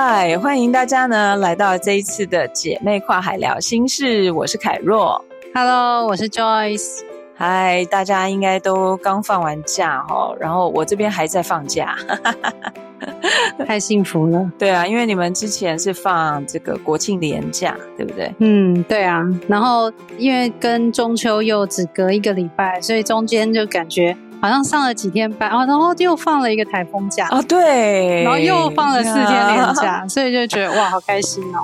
嗨，歡迎大家呢來到這一次的姐妹跨海聊心事。我是凱若，Hello，我是 Joyce。嗨，大家應該都剛放完假哦，然後我這邊還在放假， 太幸福了。對啊，因為你們之前是放這個國慶連假，對不對？嗯，對啊。然後因為跟中秋又只隔一個禮拜，所以中間就感覺。好像上了幾天班，哦，然後又放了一個颱風假，哦，對，然後又放了四天年假，啊，所以就覺得哇，好開心哦，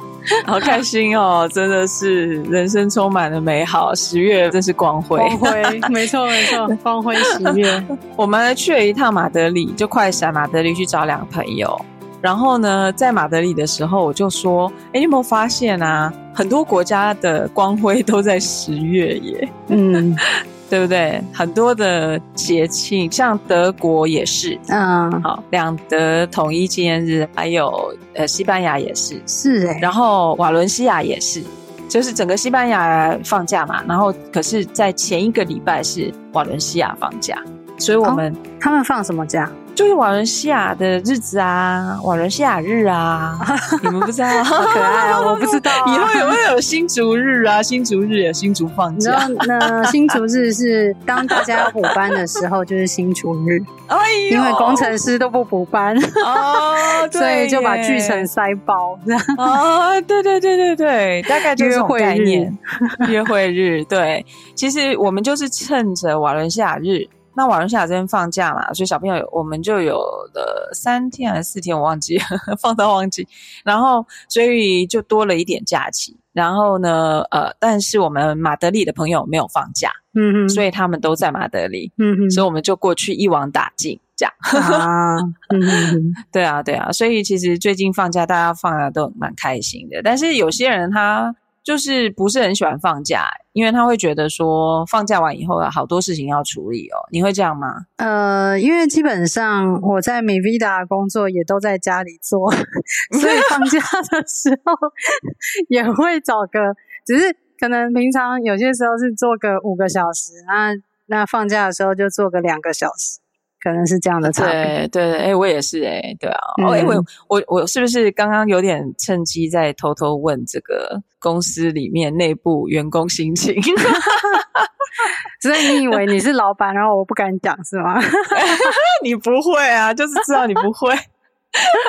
好開心哦， 真的是人生充滿了美好。十月真是光輝，光輝，沒錯沒錯，光輝十月。 我們去了一趟馬德里，就快閃馬德里去找兩個朋友。然後呢，在馬德里的時候，我就說：“哎，你有沒有發現啊？很多國家的光輝都在十月耶。”嗯。對不對？很多的節慶，像德國也是，嗯，好，兩德統一紀念日，還有呃，西班牙也是，是，然後瓦倫西亞也是，就是整個西班牙放假嘛，然後可是，在前一個禮拜是瓦倫西亞放假，所以我們、哦、他們放什麼假？就是瓦倫西亞的日子啊，瓦倫西亞日啊， 你們不知道，好可愛啊！我不知道、啊，以後有沒有新竹日啊？新竹日啊，新竹放假。那新竹日是 當大家要補班的時候，就是新竹日、哎。因為工程師都不補班、哦對，所以就把巨城塞包。哦，對， 對，對對對對對，大概就是這種概念。約會， 約會日，對，其實我們就是趁着瓦倫西亞日。那瓦倫西亞這邊放假嘛，所以小朋友有我們就有了三天還是四天，我忘記，放到忘記。然後所以就多了一點假期。然後呢，呃，但是我們馬德里的朋友沒有放假，嗯嗯，所以他們都在馬德里，嗯嗯，所以我們就過去一網打盡，這樣嗯嗯、 啊嗯嗯。對啊，對啊，所以其實最近放假大家放的都蠻開心的，但是有些人他。就是不是很喜歡放假，因為他會覺得說放假完以後啊，好多事情要處理哦。你會這樣嗎？呃，因為基本上我在 MiVida 工作也都在家裡做， 所以放假的時候也會找個，只是可能平常有些時候是做個五個小時，那那放假的時候就做個兩個小時。可能是這樣的差別。對對，哎、欸，我也是、欸，哎，對啊，哦、嗯，因、喔、為、欸，我我，我是不是剛剛有點趁機在偷偷問這個公司裡面內部員工心情？ 所以你以為你是老闆，然後我不敢講是嗎、 欸？你不會啊，就是知道你不會。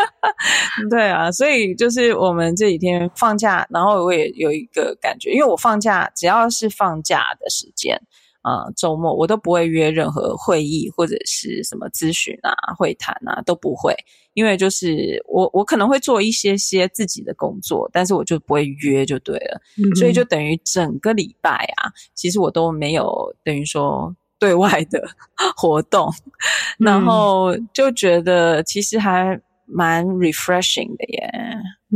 對啊，所以就是我們這幾天放假，然後我也有一個感覺，因為我放假只要是放假的時間。呃，週末我都不會約任何會議或者是什麼諮詢啊、會談啊，都不會。因為就是我，我可能會做一些些自己的工作，但是我就不會約，就對了。嗯嗯。所以就等於整個禮拜啊，其實我都沒有等於說對外的活動。嗯，然後就覺得其實還蠻 refreshing 的耶。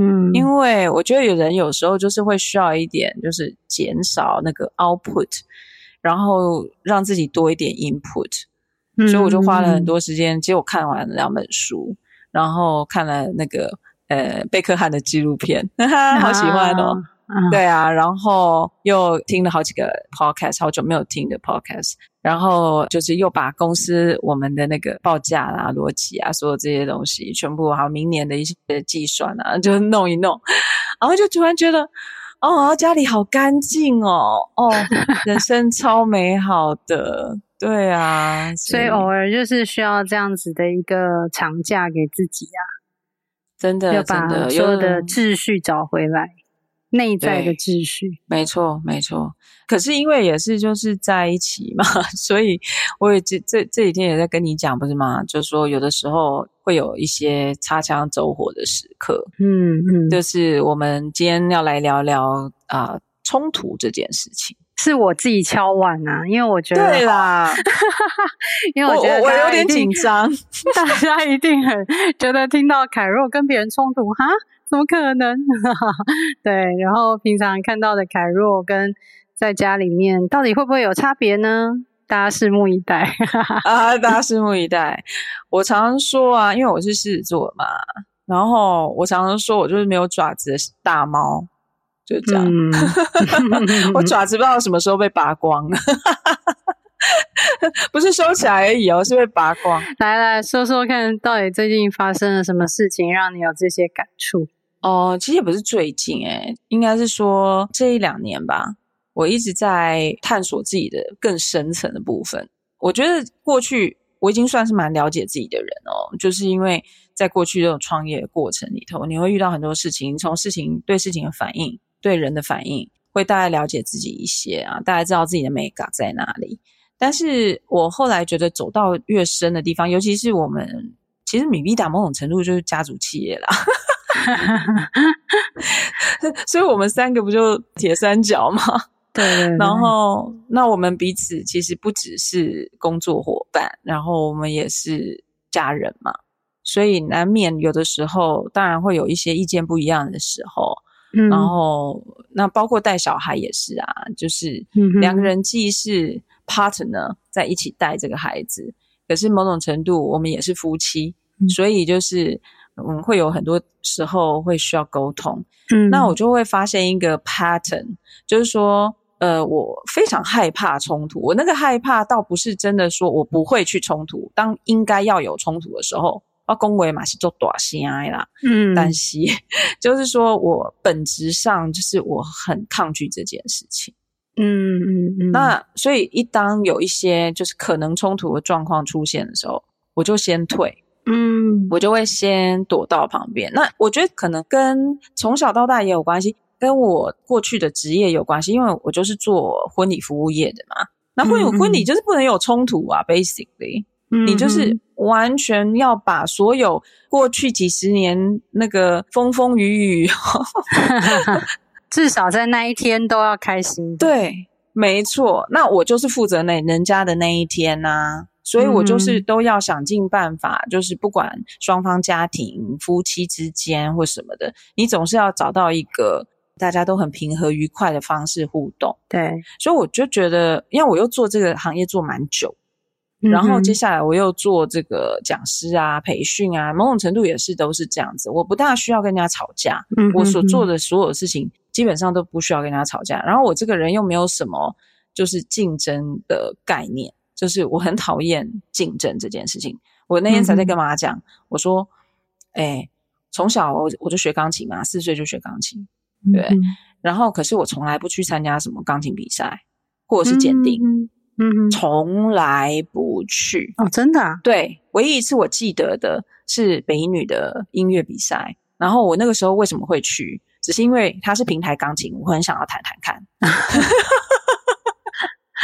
嗯，因為我覺得有人有時候就是會需要一點，就是減少那個 output。然後讓自己多一點 input，嗯，所以我就花了很多時間。結果看完兩本書，然後看了那個呃貝克漢的紀錄片，哈哈，好喜歡哦，啊，啊！對啊，然後又聽了好幾個 podcast，好久沒有聽的 podcast，然後就是又把公司我們的那個報價啊、邏輯啊、所有這些東西全部，還有明年的一些計算啊，就弄一弄，然後就突然覺得。哦、啊，家裡好乾淨哦，哦，人生超美好的。 對啊，所以，所以偶爾就是需要這樣子的一個長假給自己啊，真的，要把所有的秩序找回來。內在的秩序，沒錯，沒錯。可是因為也是就是在一起嘛，所以我也這這這幾天也在跟你講，不是嗎？就是說有的時候會有一些擦槍走火的時刻，嗯嗯。就是我們今天要來聊聊啊衝突這件事情，是我自己敲碗啊，因為我覺得對啦， 因為我覺得我，我有點緊張，大家一定很覺得聽到凱若跟別人衝突哈。怎麼可能？ 對，然後平常看到的凱若跟在家裡面，到底會不會有差別呢？大家拭目以待 啊！大家拭目以待。我常常說啊，因為我是獅子座嘛，然後我常常說我就是沒有爪子的大貓，就這樣。嗯、 我爪子不知道什麼時候被拔光， 不是收起來而已哦，是被拔光。 來來說說看，到底最近發生了什麼事情，讓你有這些感觸？哦，其實也不是最近哎，應該是說這一兩年吧。我一直在探索自己的更深層的部分。我覺得過去我已經算是蠻了解自己的人哦，就是因為在過去這種創業的過程裡頭，你會遇到很多事情，從事情，對事情的反應，對人的反應，會大概了解自己一些啊，大概知道自己的眉角在哪裡。但是我後來覺得走到越深的地方，尤其是我們其實 MiVida 某種程度就是家族企業啦。哈哈哈，所以我們三個不就鐵三角嗎？對，對，對。然後，那我們彼此其實不只是工作夥伴，然後我們也是家人嘛。所以難免有的時候，當然會有一些意見不一樣的時候。嗯。然後，那包括帶小孩也是啊，就是兩個人既是 partner 在一起帶這個孩子，可是某種程度我們也是夫妻，嗯。所以就是。我們會有很多時候會需要溝通，嗯，那我就會發現一個 pattern，就是說，呃，我非常害怕衝突。我那個害怕倒不是真的說，我不會去衝突，當應該要有衝突的時候，啊，公維馬是做短 I 啦，嗯，但是，就是說我本質上就是我很抗拒這件事情，嗯嗯嗯。那所以一當有一些就是可能衝突的狀況出現的時候，我就先退。嗯，我就會先躲到旁邊。那我覺得可能跟從小到大也有關係，跟我過去的職業有關係，因為我就是做婚禮服務業的嘛。那會有婚禮就是不能有衝突啊嗯嗯，basically，你就是完全要把所有過去幾十年那個風風雨雨， 至少在那一天都要開心。對，沒錯。那我就是負責那人家的那一天吶、啊。所以我就是都要想盡辦法、嗯，就是不管雙方家庭、夫妻之間或什麼的，你總是要找到一個大家都很平和、愉快的方式互動。對，所以我就覺得，因為我又做這個行業做蠻久、嗯，然後接下來我又做這個講師啊、培訓啊，某種程度也是都是這樣子。我不大需要跟人家吵架，嗯哼哼，我所做的所有事情基本上都不需要跟人家吵架。然後我這個人又沒有什麼就是競爭的概念。就是我很討厭競爭這件事情。我那天才在跟媽媽講，我說：“哎、欸，從小我我就學鋼琴嘛，四歲就學鋼琴，對，對、嗯。然後可是我從來不去參加什麼鋼琴比賽或者是檢定，從、嗯嗯、來不去。哦，真的、啊？對，唯一一次我記得的是美女的音樂比賽。然後我那個時候為什麼會去？只是因為她是平台鋼琴，我很想要彈彈看。 ”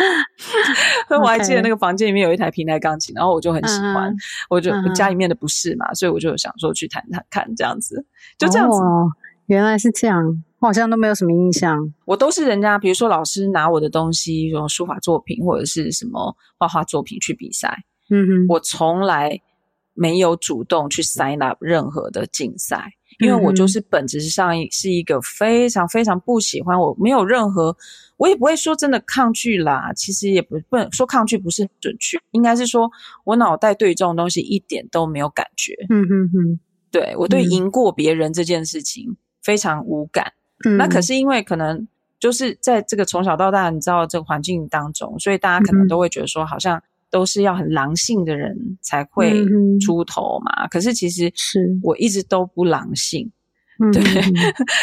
我還記得那個房間裡面有一台平台鋼琴，okay. 然後我就很喜歡，uh, 我就我家裡面的不是嘛，uh, uh. 所以我就有想說去彈彈看這樣子，就這樣子，oh, wow. 原來是這樣，我好像都沒有什麼印象，我都是人家比如說老師拿我的東西，用書法作品或者是什麼畫畫作品去比賽，嗯哼，我從來沒有主動去 sign up 任何的競賽。因為我就是本質上是一個非常非常不喜歡，我沒有任何，我也不會說真的抗拒啦。其實也不不能說抗拒，不是很準確，應該是說我腦袋對這種東西一點都沒有感覺。嗯嗯嗯，對，我對贏過別人這件事情非常無感，嗯。那可是因為可能就是在這個從小到大，你知道這個環境當中，所以大家可能都會覺得說好像，都是要很狼性的人才會出頭嘛。嗯、可是其實是我一直都不狼性，對、嗯。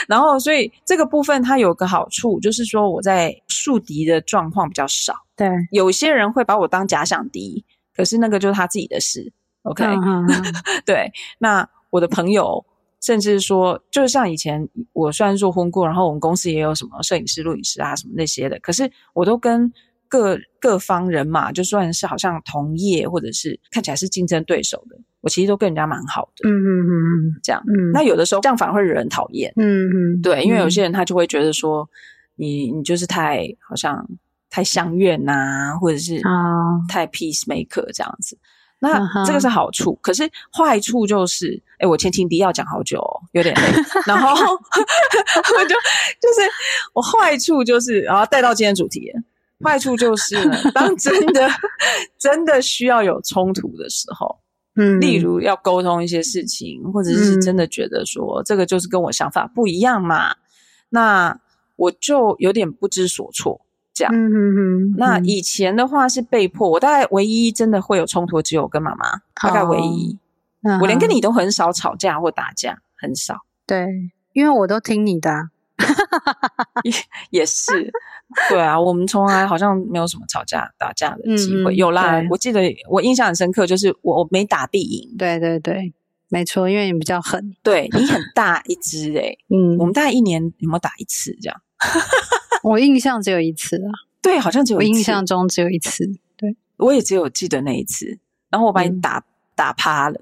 然後所以這個部分它有個好處，就是說我在樹敵的狀況比較少。對，有些人會把我當假想敵，可是那個就是他自己的事。嗯、OK、嗯、 對。那我的朋友，甚至說，就像以前我雖然做婚過，然後我們公司也有什麼攝影師、錄影師啊什麼那些的，可是我都跟各各方人馬，就算是好像同業或者是看起來是競爭對手的，我其實都跟人家蠻好的，嗯嗯嗯嗯，這樣、嗯。那有的時候這樣反而會惹人討厭，嗯嗯，對，因為有些人他就會覺得說、嗯、你你就是太好像太鄉願，啊，或者是、哦、太 peacemaker 這樣子。那這個是好處，嗯、可是壞處就是，哎、欸，我前情提要講好久、哦，有點累。 然後我就 就是我壞處就是然後帶到今天主題。壞處就是，當真的 真的需要有衝突的時候，嗯，例如要溝通一些事情，或者是真的覺得說、嗯、這個就是跟我想法不一樣嘛，那我就有點不知所措。這樣，嗯嗯嗯、那以前的話是被迫。我大概唯一真的會有衝突，只有跟媽媽、嗯，大概唯一、嗯。我連跟你都很少吵架或打架，很少。對，因為我都聽你的。哈，哈哈，也也是，對啊，我們從來好像沒有什麼吵架打架的機會，嗯嗯。有啦，我記得我印象很深刻，就是我，我每打必贏。對對對，沒錯，因為你比較狠。對，你很大一隻誒嗯， 我們大概一年有沒有打一次這樣？哈哈哈，我印象只有一次啊。對，好像只有一次。我印象中只有一次。對，我也只有記得那一次。然後我把你打、嗯、打趴了，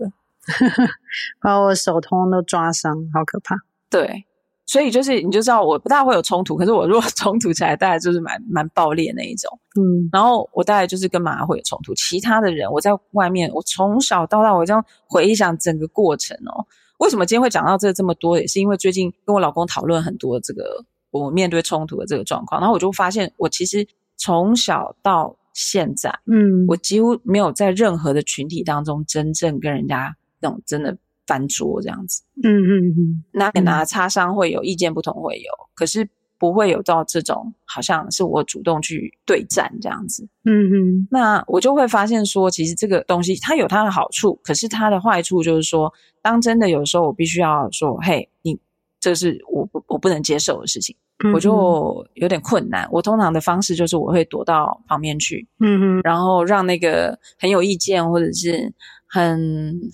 把我手通通都抓傷，好可怕。對。所以就是，你就知道我不大會有衝突，可是我如果衝突起來，大概就是蠻蠻暴烈那一種。嗯，然後我大概就是跟媽媽會有衝突，其他的人我在外面，我從小到大，我這樣回憶一下整個過程哦。為什麼今天會講到這這麼多，也是因為最近跟我老公討論很多這個我面對衝突的這個狀況，然後我就發現我其實從小到現在，嗯，我幾乎沒有在任何的群體當中真正跟人家那種真的。翻桌這樣子，嗯嗯嗯，那那擦傷會有、嗯、意見不同會有，可是不會有到這種好像是我主動去對戰這樣子，嗯嗯，那我就會發現說，其實這個東西它有它的好處，可是它的壞處就是說，當真的有的時候我必須要說，嘿，你這是我不我不能接受的事情、嗯，我就有點困難。我通常的方式就是我會躲到旁邊去，嗯嗯，然後讓那個很有意見或者是，很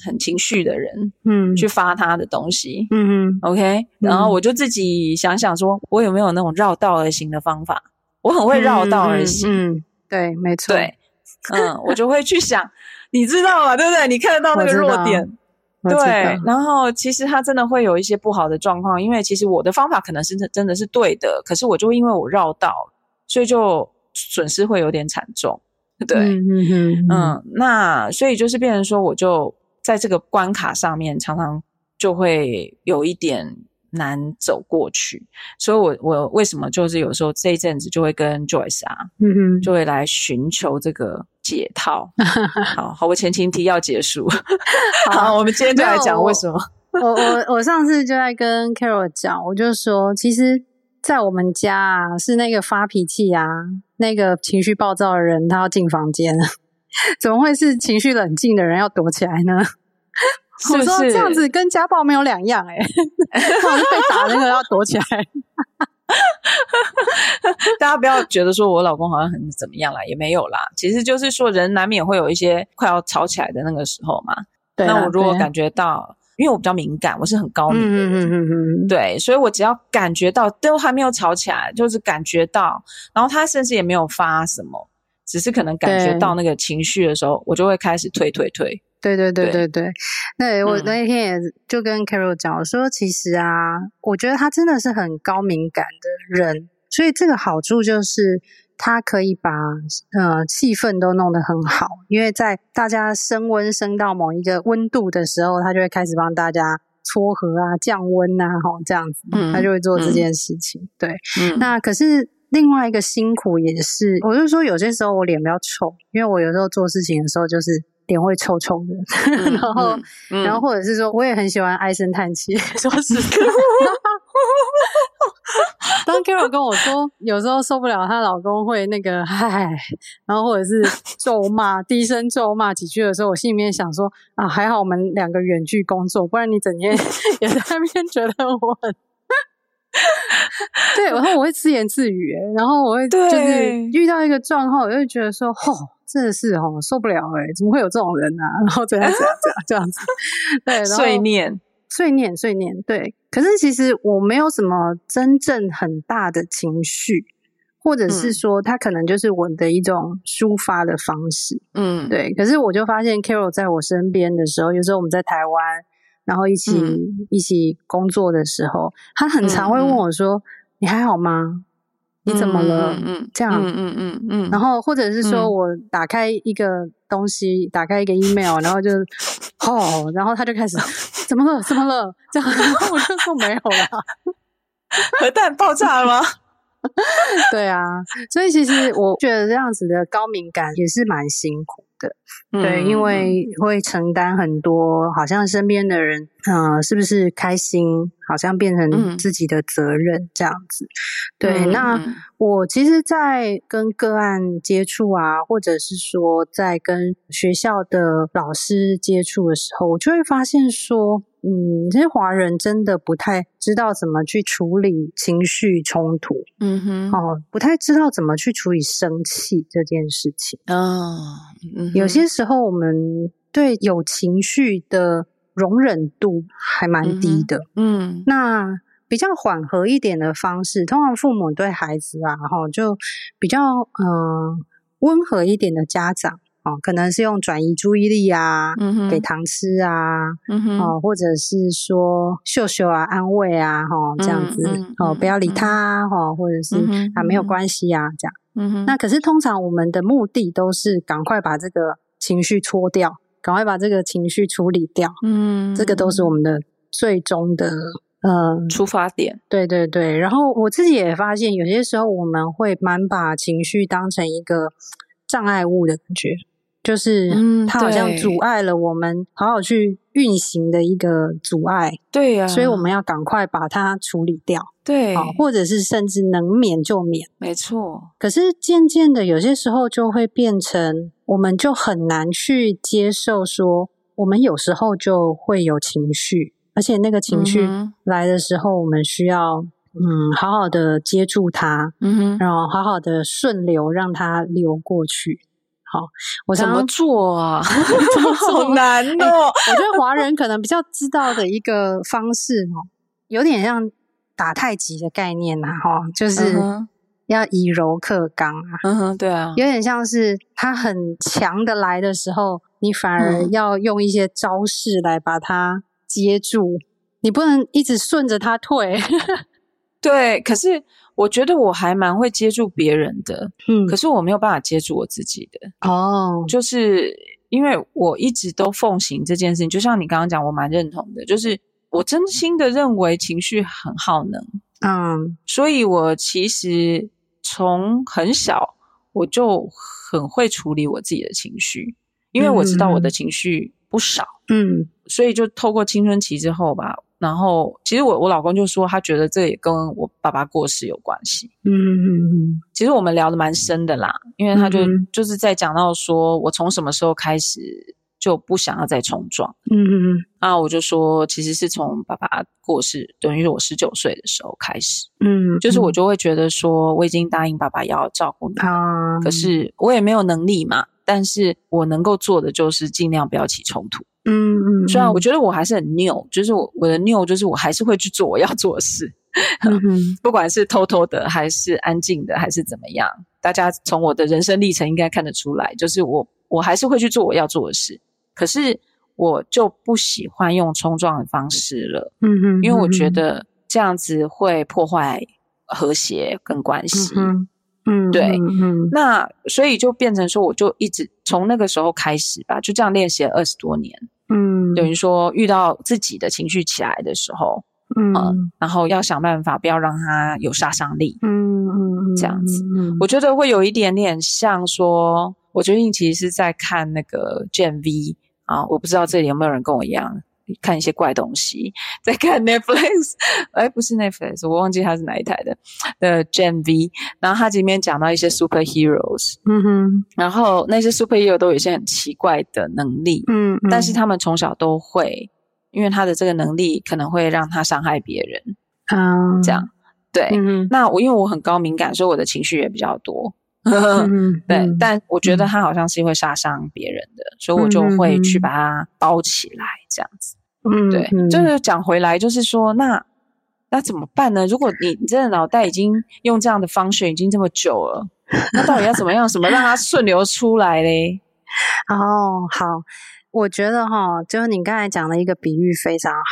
很情緒的人，嗯，去發他的東西，嗯 okay? 嗯，OK，然後我就自己想想說，我有沒有那種繞道而行的方法？我很會繞道而行，嗯，嗯嗯對，沒錯， 嗯，我就會去想，你知道啊，對不對？你看得到那個弱點，對，然後其實他真的會有一些不好的狀況，因為其實我的方法可能是真的是對的，可是我就因為我繞道，所以就損失會有點慘重。對，嗯嗯，嗯，那所以就是變成說，我就在這個關卡上面常常就會有一點難走過去，所以我我為什麼就是有時候這一陣子就會跟 Joyce 啊，嗯嗯，就會來尋求這個解套。 好好，我前情提要結束。 好， 好，我們今天就來講為什麼。我 我。我我我上次就在跟 Carol 講，我就說其實。在我們家，啊，是那個發脾氣啊，那個情緒暴躁的人，他要進房間。怎麼會是情緒冷靜的人要躲起來呢？是不是？我說這樣子跟家暴沒有兩樣哎，欸，好像被打那個要躲起來。大家不要覺得說我老公好像很怎麼樣啦，也沒有啦。其實就是說人難免會有一些快要吵起來的那個時候嘛。對啊，那我如果感覺到。因為我比較敏感，我是很高敏感，嗯，對，所以我只要感覺到，都還沒有吵起來，就是感覺到，然後他甚至也沒有發什麼，只是可能感覺到那個情緒的時候，我就會開始退退退。對對對對對，那我那天也就跟 Carol 講、嗯、說，其實啊，我覺得他真的是很高敏感的人，所以這個好處就是。他可以把呃氣氛都弄得很好，因為在大家升溫升到某一個溫度的時候，他就會開始幫大家撮合啊、降溫啊，吼這樣子，他就會做這件事情。嗯、對、嗯，那可是另外一個辛苦也是，我就說有些時候我臉比較臭，因為我有時候做事情的時候就是。臉會臭臭的，嗯、 然後、嗯，然後或者是說，我也很喜歡唉聲嘆氣。嗯、說是個， 然後 當 Carol 跟我說有時候受不了，她老公會那個，唉，然後或者是咒罵， 低聲咒罵幾句的時候，我心裡面想說啊，還好我們兩個遠距工作，不然你整天 也在那邊覺得我很。 對，然後我會自言自語、欸，然後我會就是對遇到一個狀況，我就會覺得說，吼、哦。真的是哦，受不了哎、欸！怎麼會有這種人呢、啊？然後這樣這樣這樣、這樣子 對，對，碎念、碎念、碎念，對。可是其實我沒有什麼真正很大的情緒，或者是說，他可能就是我的一種抒發的方式，嗯，對。可是我就發現，Carol 在我身邊的時候，有時候我們在台灣，然後一起、嗯、一起工作的時候，他很常會問我說：“嗯嗯你還好嗎？”你怎麼了？嗯，嗯嗯嗯嗯，這樣，嗯嗯嗯然後或者是說我打開一個東西，嗯、打開一個 email，然後就，嗯、哦，然後他就開始，怎麼了？怎麼了？這樣，然後我就說沒有了。核彈爆炸了嗎？ 對啊，所以其實我覺得這樣子的高敏感也是蠻辛苦。對，因為會承擔很多，好像身邊的人，嗯、呃，是不是開心，好像變成自己的責任這樣子。嗯、對，那我其實，在跟個案接觸啊，或者是說，在跟學校的老師接觸的時候，我就會發現說。嗯，這些華人真的不太知道怎麼去處理情緒衝突。嗯哼，哦，不太知道怎麼去處理生氣這件事情。哦、嗯。有些時候我們對有情緒的容忍度還蠻低的嗯。嗯，那比較緩和一點的方式，通常父母對孩子啊，哈、哦，就比較嗯、呃、溫和一點的家長。哦，可能是用轉移注意力啊，嗯哼，給糖吃啊、嗯哼，哦，或者是說秀秀啊，安慰啊，哈、哦，這樣子，嗯嗯嗯嗯嗯嗯哦，不要理他、啊，哈、嗯，或者是啊，沒有關係啊，這樣。嗯哼。那可是通常我們的目的都是趕快把這個情緒搓掉，趕快把這個情緒處理掉。嗯，嗯，嗯、這個都是我們的最終的嗯、呃、出發點。對對對。然後我自己也發現，有些時候我們會蠻把情緒當成一個障礙物的感覺。就是它好像阻礙了我們好好去運行的一個阻礙，對呀，啊，所以我們要趕快把它處理掉，對，或者是甚至能免就免，沒錯。可是漸漸的，有些時候就會變成，我們就很難去接受，說我們有時候就會有情緒，而且那個情緒來的時候，我們需要嗯，嗯好好的接住它，嗯，然後好好的順流讓它流過去。好，我怎麼做啊？麼做 好難哦、喔欸！我覺得華人可能比較知道的一個方式哦， 有點像打太極的概念吶，哈，就是要以柔克剛啊。嗯哼，對啊，有點像是他很強的來的時候，你反而要用一些招式來把他接住，嗯、你不能一直順着他退。 對，可是。我覺得我還蠻會接住別人的，嗯，可是我沒有辦法接住我自己的。哦，就是因為我一直都奉行這件事情，就像你剛剛講，我蠻認同的，就是我真心的認為情緒很耗能，嗯，所以我其實從很小我就很會處理我自己的情緒，因為我知道我的情緒不少，嗯，嗯所以就透過青春期之後吧。然後，其實我我老公就說，他覺得這也跟我爸爸過世有關係。嗯嗯嗯。其實我們聊得蠻深的啦，因為他就、嗯、就是在講到說我從什麼時候開始就不想要再衝撞。嗯嗯嗯。那我就說，其實是從爸爸過世，等於是我十九歲的時候開始嗯。嗯。就是我就會覺得說，我已經答應爸爸要，要照顧你、嗯、可是我也沒有能力嘛，但是我能夠做的就是儘量不要起衝突。嗯嗯，雖然我覺得我還是很 new，就是我我的 new 就是我還是會去做我要做的事，mm -hmm. 不管是偷偷的還是安靜的還是怎麼樣，大家從我的人生歷程應該看得出來，就是我我還是會去做我要做的事，可是我就不喜歡用衝撞的方式了，嗯嗯，因為我覺得這樣子會破壞和諧跟關係，嗯、mm -hmm.，對，mm -hmm. 那所以就變成說，我就一直從那個時候開始吧，就這樣練習了二十多年。嗯，等於說遇到自己的情緒起來的時候，嗯，嗯，然後要想辦法不要讓它有殺傷力，嗯嗯，嗯，這樣子，我覺得會有一點點像說，我最近其實是在看那個《Gen V》，啊，我不知道這裡有沒有人跟我一樣。看一些怪東西，在看 Netflix，哎，不是 Netflix，我忘記它是哪一台的。呃，Gen V，然後它裡面講到一些 superheroes，嗯哼，然後那些 superheroes 都有一些很奇怪的能力，嗯，嗯，但是他們從小都會，因為他的這個能力可能會讓他傷害別人，啊、嗯，這樣，對、嗯，那我因為我很高敏感，所以我的情緒也比較多。嗯 對，但我覺得他好像是會殺傷別人的， 所以我就會去把它包起來，這樣子。嗯 對，就是講回來，就是說，那那怎麼辦呢？如果你你的腦袋已經用這樣的方式已經這麼久了，那到底要怎麼樣， 什麼讓它順流出來嘞？哦、 oh，好，我覺得哈、哦，就是你剛才講的一個比喻非常好。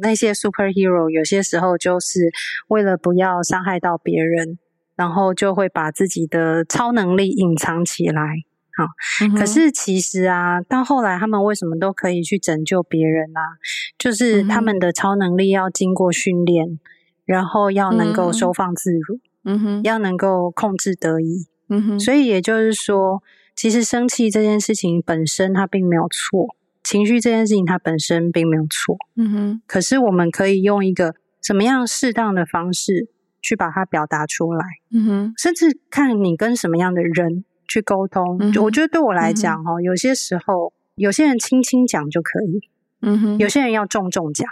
那些 superhero 有些時候就是為了不要傷害到別人。然後就會把自己的超能力隱藏起來、好、嗯，可是其實啊，到後來他們為什麼都可以去拯救別人啊？就是他們的超能力要經過訓練，嗯、然後要能夠收放自如，嗯，要能夠控制得宜，嗯，所以也就是說，其實生氣這件事情本身它並沒有錯，情緒這件事情它本身並沒有錯，嗯，可是我們可以用一個怎麼樣適當的方式。去把它表達出來，嗯哼，甚至看你跟什麼樣的人去溝通。嗯、我覺得對我來講，嗯，有些時候有些人輕輕講就可以，嗯哼，有些人要重重講，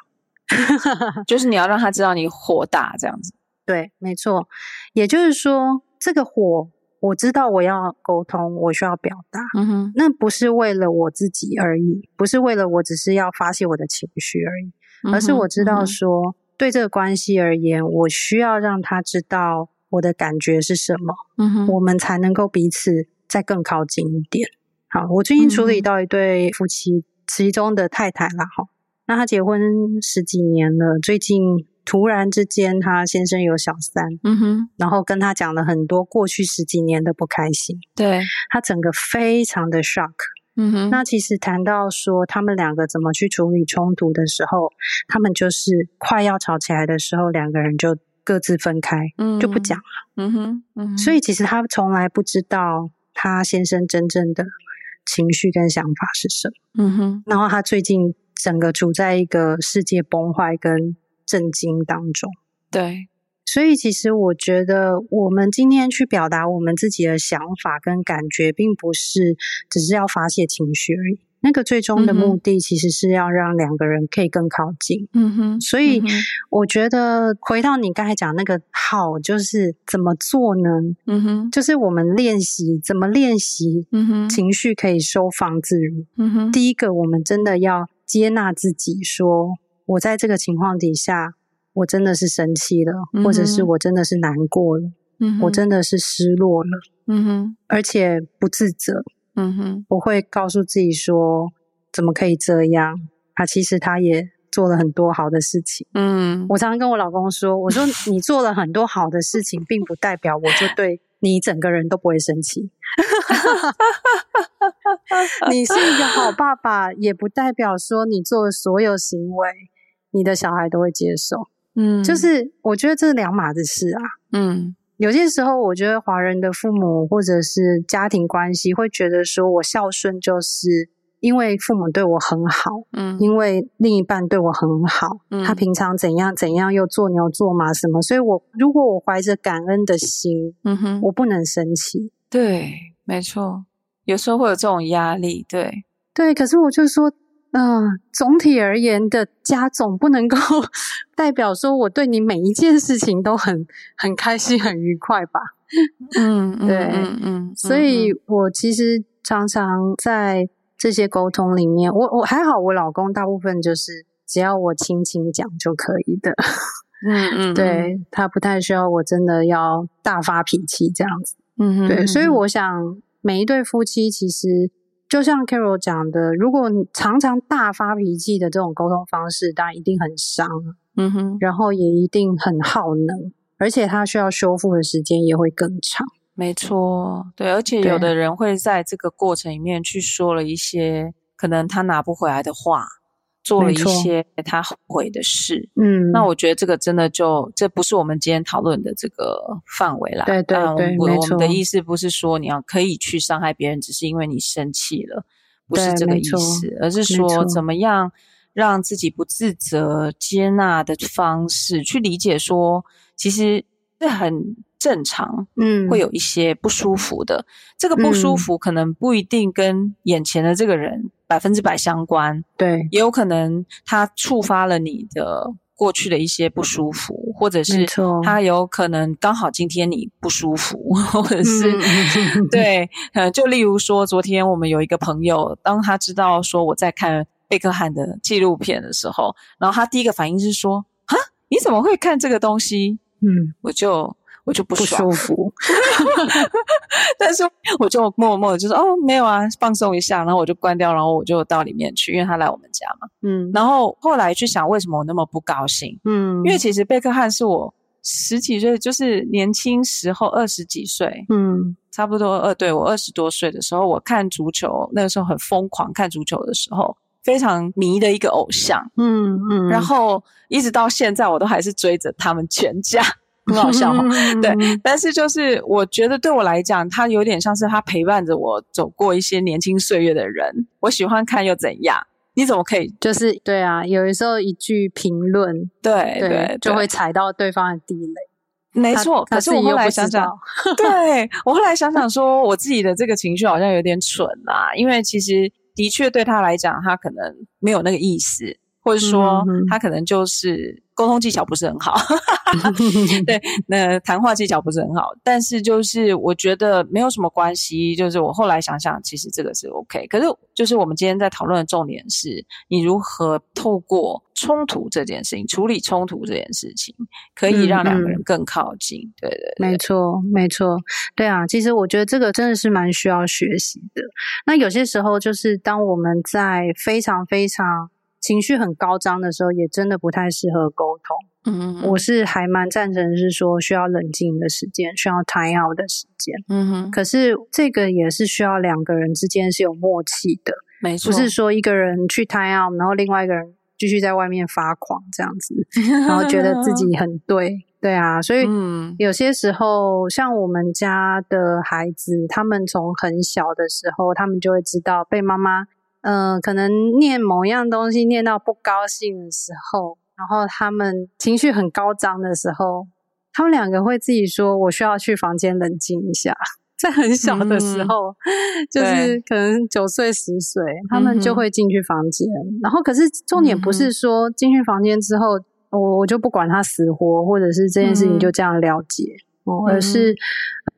就是你要讓他知道你火大這樣子。對，沒錯。也就是說，這個火，我知道我要溝通，我需要表達，嗯，那不是為了我自己而已，不是為了我只是要發洩我的情緒而已，而是我知道說，嗯對這個關係而言，我需要讓他知道我的感覺是什麼，嗯哼，我們才能夠彼此再更靠近一點。好，我最近處理到一對夫妻，其中的太太啦，哈、嗯，那他結婚十幾年了，最近突然之間他先生有小三，嗯哼，然後跟他講了很多過去十幾年的不開心，對，他整個非常的 shock。嗯哼，那其實談到說他們兩個怎麼去處理衝突的時候，他們就是快要吵起來的時候，兩個人就各自分開，mm -hmm. 就不講了。嗯哼，所以其實他從來不知道他先生真正的情緒跟想法是什麼。嗯哼，mm -hmm.，然後他最近整個處在一個世界崩壞跟震驚當中。Mm -hmm. 對。所以，其實我覺得，我們今天去表達我們自己的想法跟感覺，並不是只是要發洩情緒而已。那個最終的目的，其實是要讓兩個人可以更靠近。嗯哼。所以，我覺得回到你剛才講那個好，就是怎麼做呢？嗯哼。就是我們練習怎麼練習？嗯哼。情緒可以收放自如。嗯哼。第一個，我們真的要接納自己，說我在這個情況底下，我真的是生氣了，或者是我真的是難過了，嗯，我真的是失落了，嗯哼，而且不自責，嗯哼，我會告訴自己說，怎麼可以這樣？他其實他也做了很多好的事情，嗯，我常常跟我老公說，我說你做了很多好的事情，並不代表我就對你整個人都不會生氣。 你是一個好爸爸，也不代表說你做的所有行為，你的小孩都會接受。嗯，就是我覺得這是兩碼子事啊。嗯，有些時候我覺得華人的父母或者是家庭關係會覺得說，我孝順就是因為父母對我很好，嗯，因為另一半對我很好，嗯，他平常怎樣怎樣又做牛做馬什麼，所以我如果我懷着感恩的心，嗯哼，我不能生氣。對，沒錯，有時候會有這種壓力。對，對，可是我就說。嗯、呃，總體而言的家總不能夠代表說我對你每一件事情都很很開心、很愉快吧？嗯， 對，嗯，嗯，嗯，所以我其實常常在這些溝通裡面，我我還好，我老公大部分就是只要我輕輕講就可以的。嗯 嗯，對、嗯、他不太需要我真的要大發脾氣這樣子嗯。嗯，對，所以我想每一對夫妻其實。就像 Carol 講的，如果常常大發脾氣的這種溝通方式，當然一定很傷，嗯哼，然後也一定很耗能，而且他需要修復的時間也會更長。沒錯，對，而且有的人會在這個過程裡面去說了一些可能他拿不回來的話。做了一些他後悔的事，嗯，那我覺得這個真的就這不是我們今天討論的這個範圍啦。對對對，我，我們的意思不是說你要可以去傷害別人，只是因為你生氣了，不是這個意思，而是說怎麼樣讓自己不自責、接納的方式去理解說，說其實這很正常，嗯，會有一些不舒服的、嗯，這個不舒服可能不一定跟眼前的這個人百分之百相關，對，也有可能它觸發了你的過去的一些不舒服，嗯、或者是它有可能剛好今天你不舒服，嗯、或者是、嗯、對， 嗯，就例如說，昨天我們有一個朋友，當他知道說我在看貝克漢的紀錄片的時候，然後他第一個反應是說：“啊，你怎麼會看這個東西？”嗯，我就。我就不，不舒服 但是我就默默就說哦，沒有啊，放鬆一下，然後我就關掉，然後我就到裡面去，因為他來我們家嘛，嗯，然後後來去想為什麼我那麼不高興，嗯，因為其實貝克漢是我十幾歲，就是年輕時候二十幾歲，嗯，差不多，呃，對，我二十多歲的時候，我看足球，那個時候很瘋狂看足球的時候，非常迷的一個偶像，嗯嗯，然後一直到現在我都還是追着他們全家。很好笑哦，對，但是就是我覺得對我來講，他有點像是他陪伴着我走過一些年輕歲月的人。我喜歡看又怎樣？你怎麼可以？就是，對啊，有的時候一句評論，對對，就會踩到對方的地雷。沒錯，可是我後來想想，他自己又不知道，對，我後來想想說，我自己的這個情緒好像有點蠢啊，因為其實的確對他來講，他可能沒有那個意思。或者說他可能就是溝通技巧不是很好，嗯， 對，那個談話技巧不是很好，但是就是我覺得沒有什麼關係。就是我後來想想，其實這個是 OK。可是就是我們今天在討論的重點是你如何透過衝突這件事情，處理衝突這件事情，可以讓兩個人更靠近。嗯嗯對對對，沒錯沒錯，對啊，其實我覺得這個真的是蠻需要學習的。那有些時候就是當我們在非常非常。情緒很高漲的時候，也真的不太適合溝通。嗯，我是還蠻贊成，是說需要冷靜的時間，需要 time out 的時間。嗯哼，可是這個也是需要兩個人之間是有默契的，沒錯。不是說一個人去 time out，然後另外一個人繼續在外面發狂這樣子，然後覺得自己很對， 對啊。所以有些時候，像我們家的孩子，他們從很小的時候，他們就會知道被媽媽。嗯、呃，可能念某樣東西念到不高興的時候，然後他們情緒很高漲的時候，他們兩個會自己說：“我需要去房間冷靜一下。”在很小的時候，嗯、就是可能九歲、十歲，他們就會進去房間。嗯、然後，可是重點不是說進去房間之後，我、嗯、我就不管他死活，或者是這件事情就這樣了結、嗯嗯，而是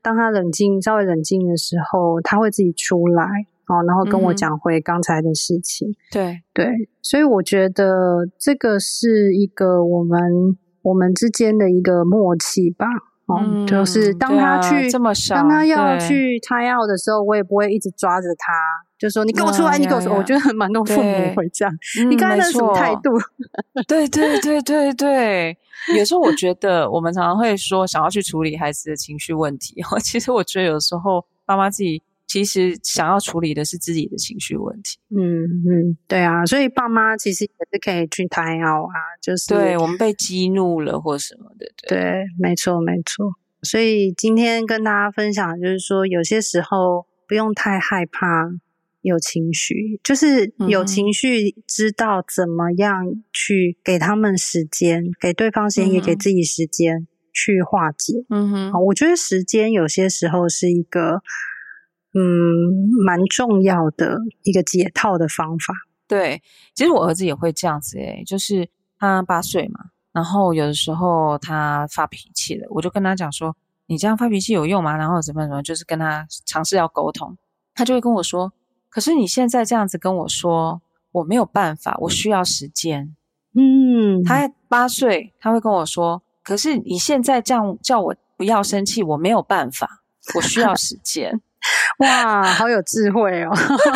當他冷靜稍微冷靜的時候，他會自己出來。好、哦，然後跟我講回剛才的事情。嗯、對對，所以我覺得這個是一個我們我們之間的一個默契吧。哦、嗯，就是當他去，嗯啊、這麼當他要去 time out 的時候，我也不會一直抓着他，就說你跟我出來，嗯、你跟我走、嗯哦。我覺得很蠻多父母會這樣。嗯、你剛才那什麼態度？嗯、 對對對對對， 有時候我覺得我們常常會說想要去處理孩子的情緒問題，其實我覺得有時候爸媽，媽自己。其實想要處理的是自己的情緒問題。嗯嗯，對啊，所以爸媽其實也是可以去談哦啊，就是對我們被激怒了或什麼的，對，對沒錯沒錯。所以今天跟大家分享，就是說有些時候不用太害怕有情緒，就是有情緒，知道怎麼樣去給他們時間，嗯、給對方時間，也、嗯、給自己時間去化解。嗯哼，我覺得時間有些時候是一個。嗯，蠻重要的一個解套的方法。對，其實我兒子也會這樣子誒，就是他八歲嘛，然後有的時候他發脾氣了，我就跟他講說：“你這樣發脾氣有用嗎？”然後怎麼怎麼，就是跟他嘗試要溝通，他就會跟我說：“可是你現在這樣子跟我說，我沒有辦法，我需要時間。”嗯，他八歲，他會跟我說：“可是你現在這樣叫我不要生氣，我沒有辦法，我需要時間。 ”哇，好有智慧哦！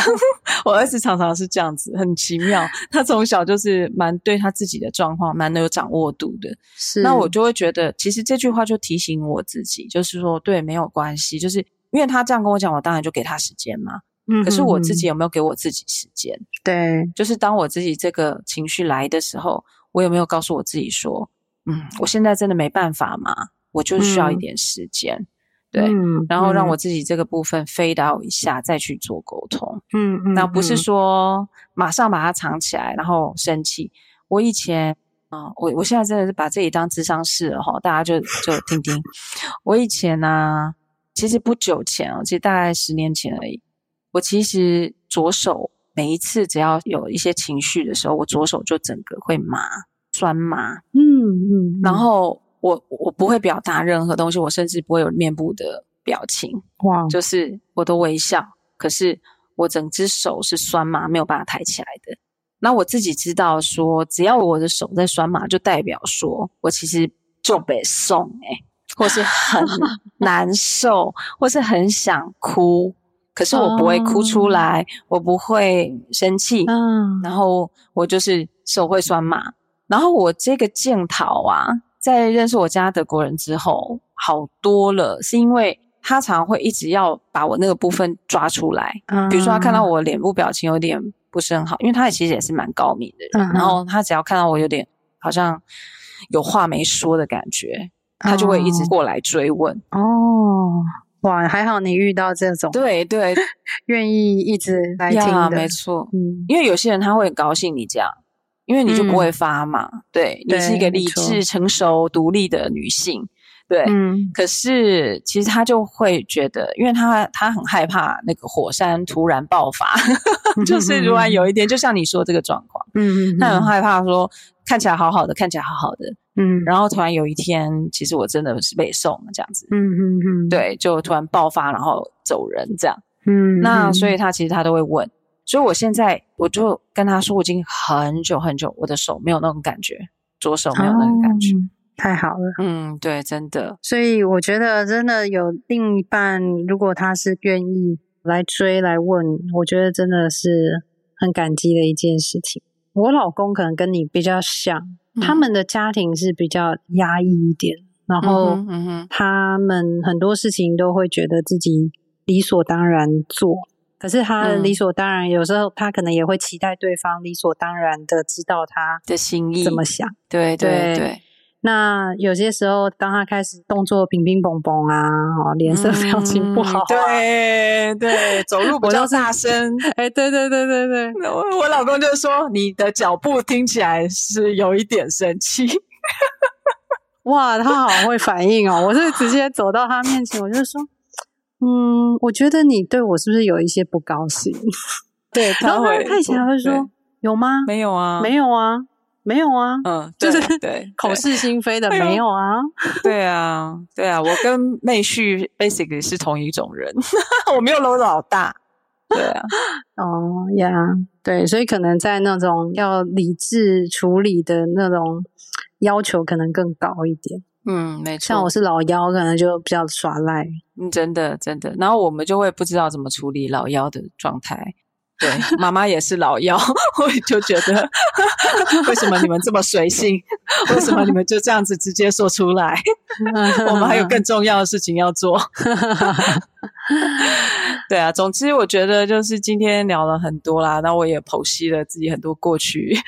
我兒子常常是這樣子，很奇妙。他從小就是蠻對他自己的狀況蠻有掌握度的。是，那我就會覺得，其實這句話就提醒我自己，就是說，對，沒有關係，就是因為他這樣跟我講，我當然就給他時間嘛。嗯哼哼。可是我自己有沒有給我自己時間？對，就是當我自己這個情緒來的時候，我有沒有告訴我自己說，嗯，我現在真的沒辦法嘛？我就是需要一點時間。嗯對，然後讓我自己這個部分 fade out 一下，嗯，再去做溝通。嗯嗯，那不是說馬上把它藏起來，然後生氣。我以前啊，我我現在真的是把自己當諮商師了，哈，大家就就聽聽。我以前呢，啊，其實不久前啊，其實大概十年前而已，我其實左手每一次只要有一些情緒的時候，我左手就整個會麻、酸麻。嗯嗯，嗯，然後，我我不會表達任何東西，我甚至不會有面部的表情，wow. 就是我都微笑。可是我整隻手是酸麻，沒有辦法抬起來的。那我自己知道說，只要我的手在酸麻，就代表說我其實就被送誒， 或是很難受， 或是很想哭。可是我不會哭出來， 我不會生氣。嗯，然後我就是手會酸麻，然後我這個肩頭啊。在認識我家德國人之後，好多了，是因為他常常會一直要把我那個部分抓出來。嗯，比如說他看到我臉部表情有點不是很好，因為他其實也是蠻高敏的人。嗯，然後他只要看到我有點好像有話沒說的感覺，他就會一直過來追問。哦，哦哇，還好你遇到這種，對對，願 意一直來聽的，啊、沒錯，嗯，因為有些人他會很高興你這樣。因為你就不會發嘛，嗯、對，對你是一個理智、成熟、獨立的女性，對，嗯。可是其實他就會覺得，因為他他很害怕那個火山突然爆發，嗯、 就是如果有一天，就像你說這個狀況，嗯，他很害怕說看起來好好的，看起來好好的，嗯，然後突然有一天，其實我真的是被送了這樣子，嗯嗯嗯，對，就突然爆發然後走人這樣，嗯，那所以他其實他都會問。所以我現在我就跟他說，我已經很久很久，我的手沒有那種感覺，左手沒有那種感覺。哦，太好了。嗯，對，真的。所以我覺得真的有另一半，如果他是願意來追來問，我覺得真的是很感激的一件事情。我老公可能跟你比較像，他們的家庭是比較壓抑一點，然後他們很多事情都會覺得自己理所當然做。可是他理所當然、嗯，有時候他可能也會期待對方理所當然的知道他的心意怎麼想。對對對，對，那有些時候當他開始動作乒乒乓乓啊，喔、臉色表情不好、嗯，對對， 走路比較大聲。哎、就是欸，對對對對對，我，我老公就說 你的腳步聽起來是有一點生氣。 哇，他好會反應哦、喔！我是直接走到他面前，我就說。嗯，我覺得你對我是不是有一些不高興？ 對，他會，然後突然看起來會說，有嗎？沒有啊，沒有啊，沒有啊，有啊，嗯，就是對，對，口是心非的，哎，沒有啊， 對啊，對啊，我跟妹婿 basically 是同一種人， 我沒有摟老大， 對啊，哦呀，對，所以可能在那種要理智處理的那種要求，可能更高一點。嗯，沒錯，像我是老幺，可能就比較耍賴。嗯，真的真的。然後我們就會不知道怎麼處理老幺的狀態。對，媽 媽也是老幺，我就覺得 為什麼你們這麼隨性， 為什麼你們就這樣子直接說出來？ 我們還有更重要的事情要做。 對啊，總之我覺得就是今天聊了很多啦，那我也剖析了自己很多過去。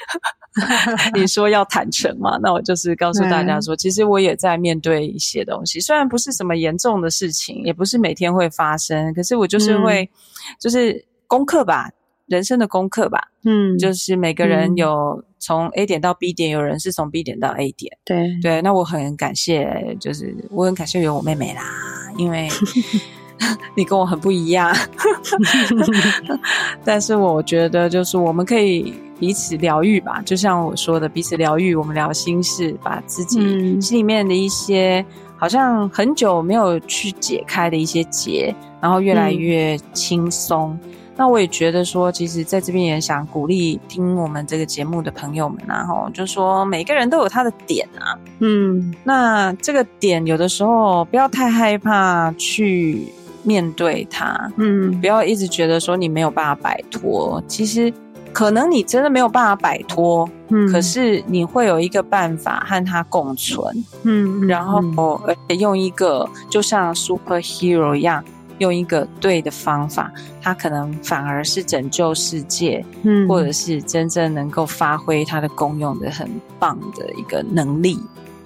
你說要坦誠嘛，那我就是告訴大家說，其實我也在面對一些東西，雖然不是什麼嚴重的事情，也不是每天會發生，可是我就是會，嗯、就是功課吧，人生的功課吧。嗯，就是每個人有、嗯、從 A 點到 B 點，有人是從 B 點到 A 點。對對，那我很感謝，就是我很感謝有我妹妹啦，因為 你跟我很不一樣， 但是我覺得就是我們可以。彼此療癒吧，就像我說的，彼此療癒。我們聊心事，把自己心裡面的一些、嗯、好像很久沒有去解開的一些結，然後越來越輕鬆、嗯。那我也覺得說，其實在這邊也想鼓勵聽我們這個節目的朋友們啊，然後，就說每個人都有他的點啊，嗯，那這個點有的時候不要太害怕去面對它，嗯，不要一直覺得說你沒有辦法擺脫，其實。可能你真的沒有辦法擺脫，嗯，可是你會有一個辦法和它共存，嗯，然後、嗯、而且用一個就像 Super Hero 一樣，用一個對的方法，它可能反而是拯救世界，嗯，或者是真正能夠發揮它的功用的很棒的一個能力。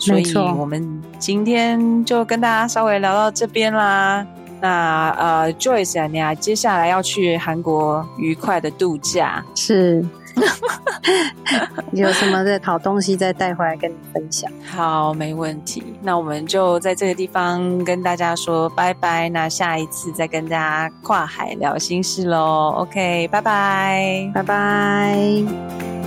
沒錯。所以我們今天就跟大家稍微聊到這邊啦。那呃，Joyce 你啊，接下來要去韓國愉快的度假，是 有什麼的好東西再帶回來跟你分享？好，沒問題。那我們就在這個地方跟大家說拜拜。那下一次再跟大家跨海聊心事嘍。OK，拜拜，拜拜。